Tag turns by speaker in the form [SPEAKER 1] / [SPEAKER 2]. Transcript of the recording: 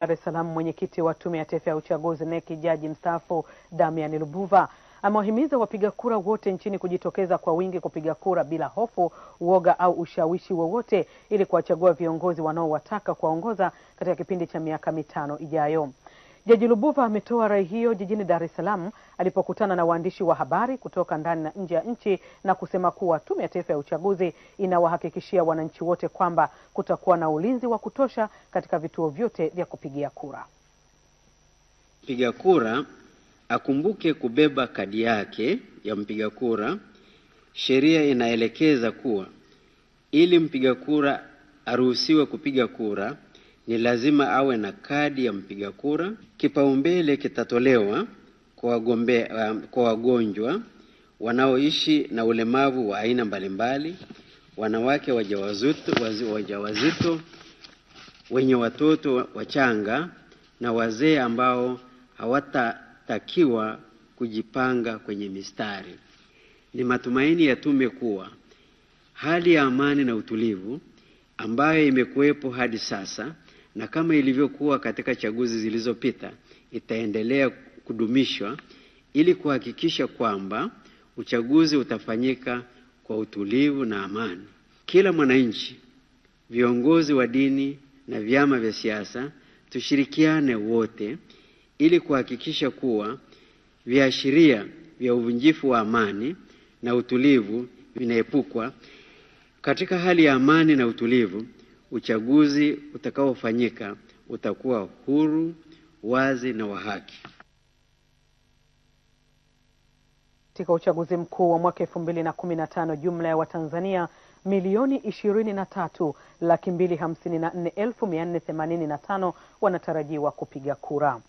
[SPEAKER 1] Dar es Salaam, mwenyekiti wa Tume ya Taifa ya Uchaguzi NEC jaji mstaafu Damian Lubuva amewahimiza wapiga kura wote nchini kujitokeza kwa wingi kupiga kura bila hofu, uoga au ushawishi wowote, ili kuwachagua viongozi wanaowataka kuwaongoza katika kipindi cha miaka mitano ijayo. Jaji Lubuva ametoa rai hiyo jijini Dar es Salaam alipokutana na waandishi wa habari kutoka ndani na nje ya nchi na kusema kuwa Tume ya Taifa ya Uchaguzi inawahakikishia wananchi wote kwamba kutakuwa na ulinzi wa kutosha katika vituo vyote vya kupigia kura.
[SPEAKER 2] Mpiga kura akumbuke kubeba kadi yake ya mpiga kura. Sheria inaelekeza kuwa ili mpiga kura aruhusiwe kupiga kura ni lazima awe na kadi ya mpiga kura. Kipaumbele kitatolewa kwa wagombea, kwa wagonjwa wanaoishi na ulemavu wa aina mbalimbali, wanawake wajawazito, wajawazito wenye watoto wachanga na wazee ambao hawatatakiwa kujipanga kwenye mistari. Ni matumaini ya tume kuwa hali ya amani na utulivu ambayo imekuwepo hadi sasa na kama ilivyokuwa katika chaguzi zilizopita itaendelea kudumishwa ili kuhakikisha kwamba uchaguzi utafanyika kwa utulivu na amani. Kila mwananchi, viongozi wa dini na vyama vya siasa tushirikiane wote ili kuhakikisha kuwa viashiria vya uvunjifu wa amani na utulivu vinaepukwa. Katika hali ya amani na utulivu uchaguzi utakaofanyika utakuwa huru, wazi na wa haki.
[SPEAKER 1] Katika uchaguzi mkuu wa mwaka elfu mbili na kumi na tano jumla ya Watanzania milioni ishirini na tatu laki mbili hamsini na nne elfu mia nne themanini na tano wanatarajiwa kupiga kura.